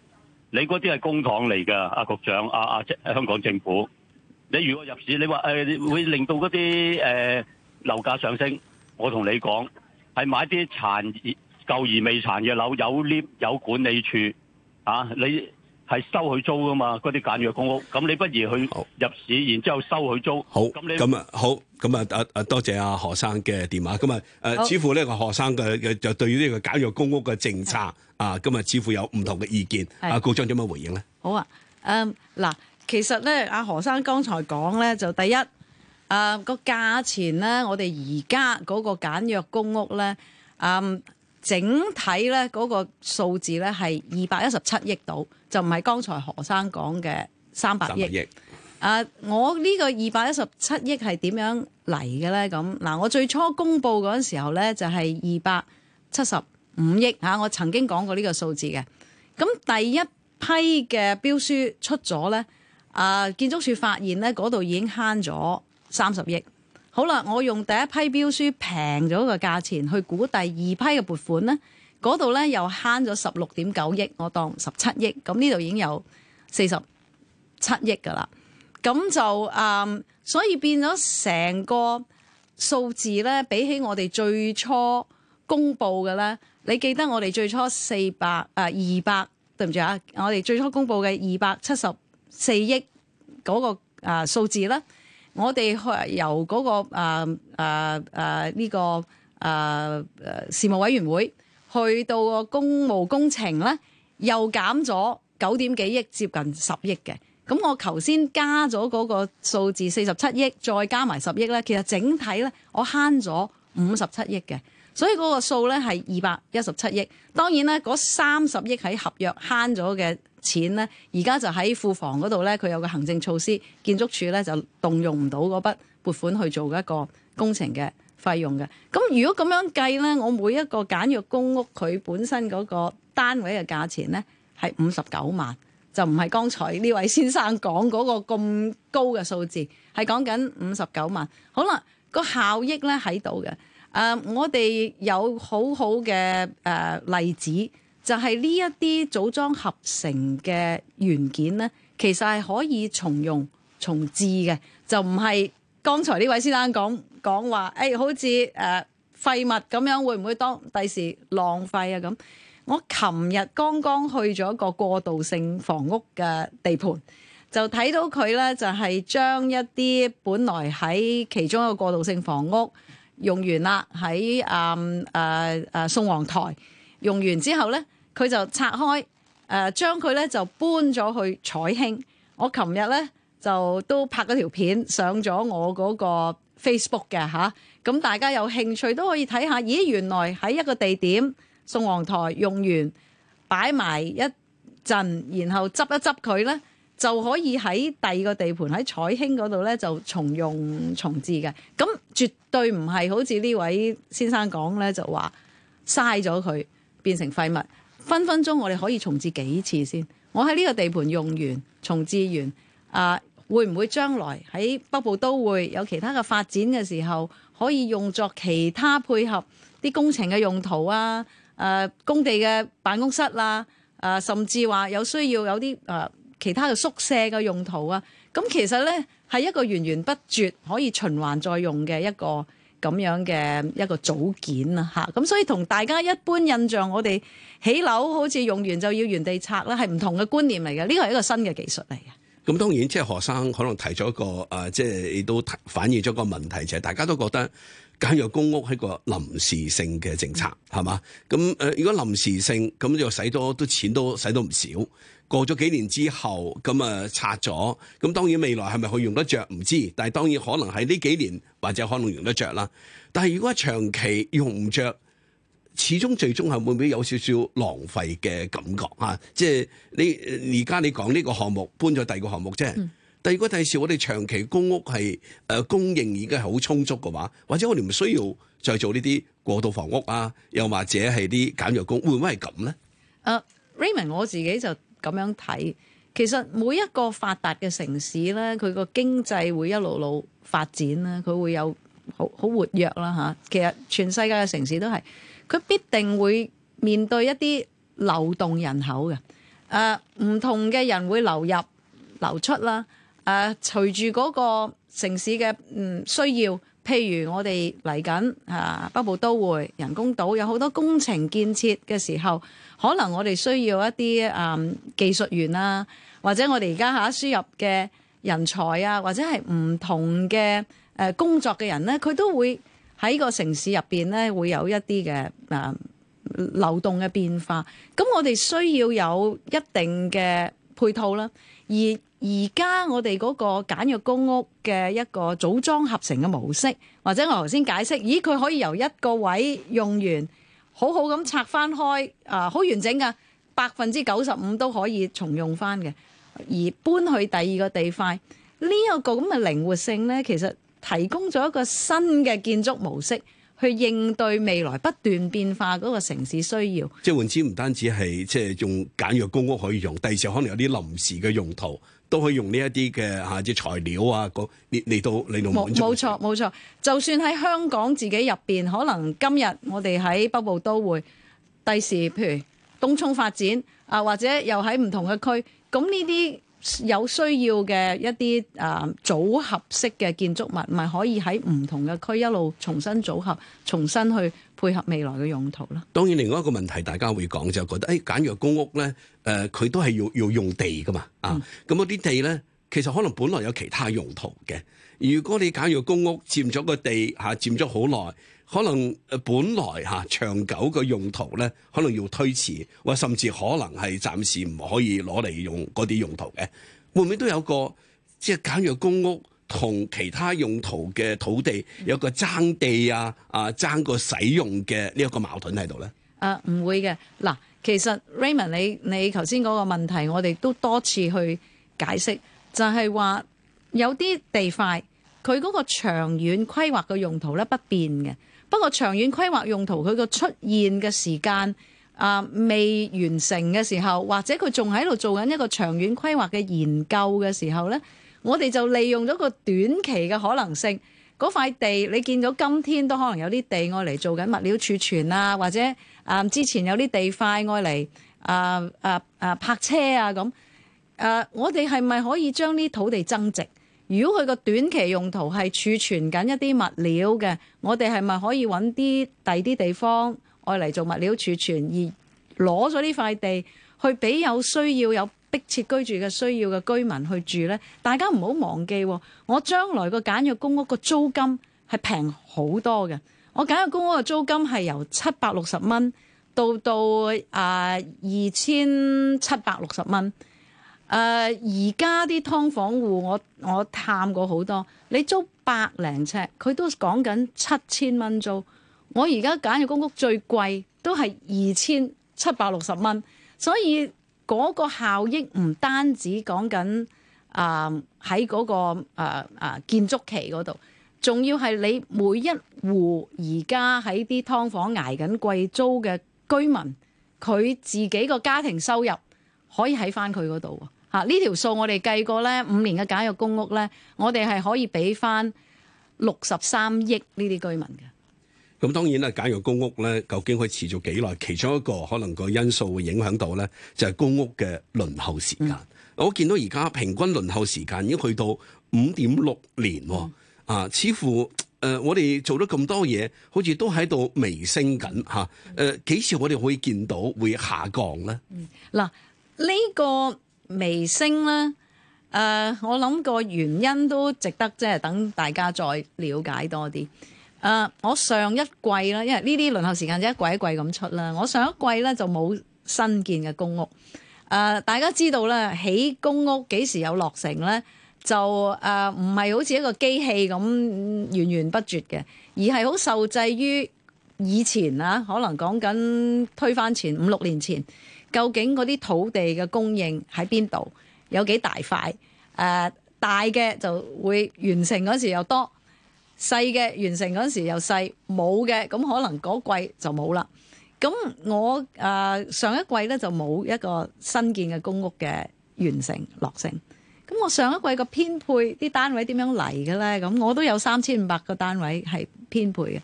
你嗰啲係公帑嚟㗎，阿、啊、局長，阿、啊、阿、啊、香港政府，你如果入市，你話誒、哎、會令到嗰啲誒樓價上升？我同你講係買啲殘舊而未殘嘅樓，有 lift 有管理處，嚇、啊、你。係收佢租㗎嘛，嗰啲簡約公屋，咁你不如去入市，好然之後收佢租。好咁啊你、嗯，好咁啊，啊、嗯、啊，多謝阿何生嘅電話。咁啊，誒、呃，好似乎呢個何生嘅就對於呢個簡約公屋嘅政策啊，咁是啊，似乎有唔同嘅意見。阿高長點樣回應咧？好啊，誒、嗯、嗱，其實咧，阿何生剛才講咧，就第一，誒個價錢咧，我哋而家嗰個簡約公屋咧，嗯。整體咧嗰個數字咧係二百一十七億度，就唔係剛才何生講嘅三百億啊，我呢個二百一十七億係點樣嚟嘅咧？咁嗱，我最初公布嗰陣時候咧就係二百七十五億吓。我曾經講過呢個數字嘅。咁第一批嘅標書出咗咧，啊建築署發現咧嗰度已經慳咗三十億。好啦，我用第一批標書平咗個價錢去估第二批嘅撥款咧，嗰度咧又慳咗十六點九億，我當十七億，咁呢度已經有四十七億㗎喇，咁就嗯，所以變咗成個數字咧，比起我哋最初公布嘅咧，你記得我哋最初四百啊二百對唔住啊，我哋最初公布嘅二百七十四億嗰、那個啊、呃、數字咧。我哋去由嗰個啊啊呢個啊誒事務委員會去到個工務工程咧，又減咗九點幾億，接近十億嘅。咁我頭先加咗嗰個數字四十七億，再加埋十億咧，其實整體咧，我慳咗五十七億嘅。所以嗰個數咧係二百一十七億。當然咧，嗰三十億喺合約慳咗嘅。錢呢，而家就喺庫房嗰度呢，佢有個行政措施，建築署呢，就動用唔到嗰筆撥款去做一個工程嘅費用嘅。咁如果咁樣計呢，我每一個簡約公屋佢本身嗰個單位嘅價錢呢，係五十九萬，就唔係剛才呢位先生講嗰個咁高嘅數字，係講緊五十九萬。好啦，個效益呢喺度嘅。誒、呃，我哋有好好嘅誒例子。就係呢一啲組裝合成嘅元件呢，其實係可以重用重置嘅，就唔係剛才呢位先生講講話，誒、哎、好似誒廢物咁樣，會唔會當第時浪費啊咁？我琴日剛剛去咗一個過渡性房屋嘅地盤，就睇到佢呢，就係、是、將一啲本來喺其中一個過渡性房屋用完啦，喺啊誒誒宋皇台用完之後呢。佢就拆開，誒、呃、將佢咧就搬咗去彩興。我琴日咧就都拍咗條片上咗我嗰個 Facebook 嘅嚇，咁、嗯、大家有興趣都可以睇下。咦，原來喺一個地點宋皇台用完擺埋一陣，然後執一執佢咧就可以喺第二個地盤喺彩興嗰度咧就重用重置嘅。咁、嗯嗯、絕對唔係好似呢位先生講咧，就話嘥咗佢變成廢物。分分鐘我哋可以重置幾次先。我喺呢個地盤用完重置完，啊，會唔會將來喺北部都會有其他嘅發展嘅時候，可以用作其他配合啲工程嘅用途啊？誒、啊，工地嘅辦公室啦、啊，誒、啊，甚至話有需要有啲誒、啊、其他嘅宿舍嘅用途啊。咁、啊、其實呢，係一個源源不絕可以循環再用嘅一個。咁樣嘅一個組件啊，嚇！咁所以同大家一般印象，我哋起樓好似用完就要原地拆啦，係唔同嘅觀念嚟嘅。呢個係一個新嘅技術嚟嘅。咁當然即係學生可能提咗個啊，即係亦都反映咗個問題，就係、是、大家都覺得簡約公屋係個臨時性嘅政策，係嘛？咁誒、呃，如果臨時性，咁就使多都多錢都使到唔少。過咗幾年之後，咁啊拆咗，咁當然未來係咪可以用得着唔知，但係當然可能喺呢幾年或者可能用得着啦。但係如果長期用唔着，始終最終係會唔會有少少浪費嘅感覺啊？即係你而家你講呢個項目搬咗第二個項目啫。但如果第時我哋長期公屋係誒、呃、供應已經係好充足嘅話，或者我哋唔需要再做呢啲過渡房屋啊，又或者係啲簡約公，會唔會係咁咧？誒、uh,，Raymond，我自己就。咁樣睇，其實每一個發達嘅城市咧，佢個經濟會一路路發展啦，佢會有好好活躍啦嚇、啊。其實全世界嘅城市都係，佢必定會面對一啲流動人口嘅，誒、啊、唔同嘅人會流入流出啦。誒、啊、隨住嗰個城市嘅嗯需要，譬如我哋嚟緊啊，北部都會人工島有好多工程建設嘅時候。可能我哋需要一啲嗯技術員啊，或者我哋而家吓輸入嘅人才啊，或者係唔同嘅誒、呃、工作嘅人咧，佢都會喺個城市入邊咧會有一啲嘅誒流動嘅變化。咁我哋需要有一定嘅配套啦。而而家我哋嗰個簡約公屋嘅一個組裝合成嘅模式，或者我頭先解釋，咦佢可以由一個位用完。好好咁拆翻開，啊、呃、好完整噶，百分之九十五都可以重用翻嘅，而搬去第二個地塊呢一，這個咁嘅靈活性咧，其實提供咗一個新嘅建築模式，去應對未來不斷變化嗰個城市需要。即係換遷唔單止係即係用簡約公屋可以用，第二時候可能有啲臨時嘅用途。都可以用呢一啲嘅嚇啲材料啊，你嚟到嚟到冇錯。冇錯，就算喺香港自己入邊，可能今日我哋喺北部都會，第時，譬如東涌發展啊，或者又喺唔同嘅區，咁呢啲。有需要嘅一啲啊、呃、組合式嘅建築物，咪可以喺唔同嘅區一路重新組合，重新去配合未來嘅用途咯。當然，另外一個問題，大家會講就係、覺得，誒、欸、簡約公屋咧，誒、呃、佢都係要要用地㗎嘛啊，咁嗰啲地咧，其實可能本來有其他用途嘅。如果你簡約公屋佔咗個地嚇、啊，佔咗好耐。可能本來嚇、啊、長久嘅用途咧，可能要推遲，或甚至可能係暫時唔可以攞嚟用嗰啲用途嘅，會唔會都有個即係簡約公屋同其他用途嘅土地有個爭地啊、啊爭個使用嘅呢一個矛盾喺度咧？啊，唔會嘅。嗱其實 Raymond 你你頭先嗰個問題，我哋都多次去解釋，就係、是、話有啲地塊佢嗰個長遠規劃嘅用途咧不變嘅。不過，長遠規劃用途，佢個出現嘅時間啊，未完成嘅時候，或者佢仲喺度做緊一個長遠規劃嘅研究嘅時候咧，我哋就利用咗個短期嘅可能性。嗰塊地，你見到今天都可能有啲地愛嚟做緊物料儲存啊，或者啊之前有啲地塊愛嚟啊啊啊泊車啊咁。啊，我哋係咪可以將啲土地增值？如果佢個短期用途係儲存緊一啲物料嘅，我哋係咪可以揾啲第二啲地方愛嚟做物料儲存，而攞咗呢塊地去俾有需要、有迫切居住嘅需要嘅居民去住呢？大家唔好忘記，我將來個簡約公屋個租金係平好多嘅。我簡約公屋嘅租金係由七百六十蚊到到啊二千七百六十蚊。誒而家啲劏房戶，我我探過好多，你租百零尺，佢都講緊七千蚊租。我而家揀嘅公屋最貴都係二千七百六十蚊，所以嗰個效益唔單止講緊啊喺嗰個誒、呃、建築期嗰度，仲要係你每一戶而家喺啲劏房捱緊貴租嘅居民，佢自己個家庭收入可以喺返佢嗰度。啊！條數呢條數我哋計過咧，五年嘅簡約公屋咧，我哋係可以俾翻六十三億呢啲居民嘅。咁當然啦，簡約公屋咧，究竟可以持續幾耐？其中一個可能個因素會影響到咧，就係、是、公屋嘅輪候時間。嗯、我見到而家平均輪候時間已經去到五點六年喎，啊，似乎誒、呃，我哋做咗咁多嘢，好似都喺度微升緊嚇。誒、啊，幾、啊、時我哋可以見到會下降咧？嗱、嗯，呢、啊這個。微升啦，誒、呃，我諗個原因都值得即係等大家再了解多啲。誒、呃，我上一季啦，因為呢啲輪候時間就一季一季咁出啦，我上一季咧就冇新建嘅公屋。誒、呃，大家知道啦，起公屋幾時有落成咧？就誒，唔係好似一個機器咁源源不絕嘅，而係好受制於以前啊，可能講緊推翻前五六年前。究竟嗰啲土地嘅供應喺邊度？有幾大塊？誒、呃、大嘅就會完成嗰時又多，細嘅完成嗰時又細，冇嘅咁可能嗰季就冇啦。咁我誒、呃、上一季呢，就冇一個新建嘅公屋嘅完成落成。咁我上一季個編配啲單位點樣嚟嘅咧？咁我都有三千五百個單位係編配嘅。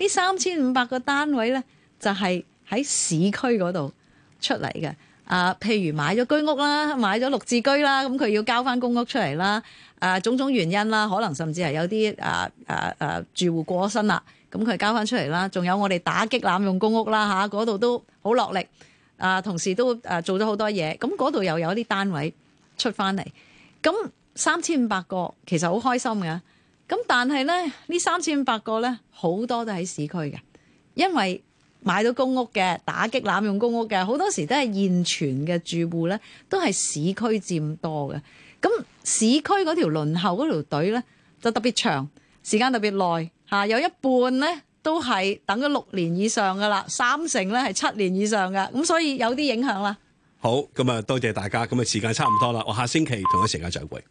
呢三千五百個單位咧就係、是、喺市區嗰度。出嚟嘅啊，譬如買咗居屋啦，買咗綠置居啦，咁佢要交翻公屋出嚟啦，啊，種種原因啦，可能甚至係有啲啊啊啊，住戶過身啦，咁佢交翻出嚟啦，仲有我哋打擊濫用公屋啦，喺嗰度都好落力啊，同時都啊做咗好多嘢，咁嗰度又有啲單位出翻嚟，咁三千五百個其實好開心㗎，咁但係咧呢三千五百個咧好多都喺市區嘅，因為。買到公屋嘅，打擊濫用公屋嘅，好多時都係現存嘅住戶咧，都係市區佔多嘅。咁市區嗰條輪候嗰條隊咧，就特別長，時間特別耐嚇、啊。有一半咧都係等咗六年以上噶啦，三成咧係七年以上嘅。咁所以有啲影響啦。好，咁啊多謝大家。咁啊時間差唔多啦，我下星期同一時間再會。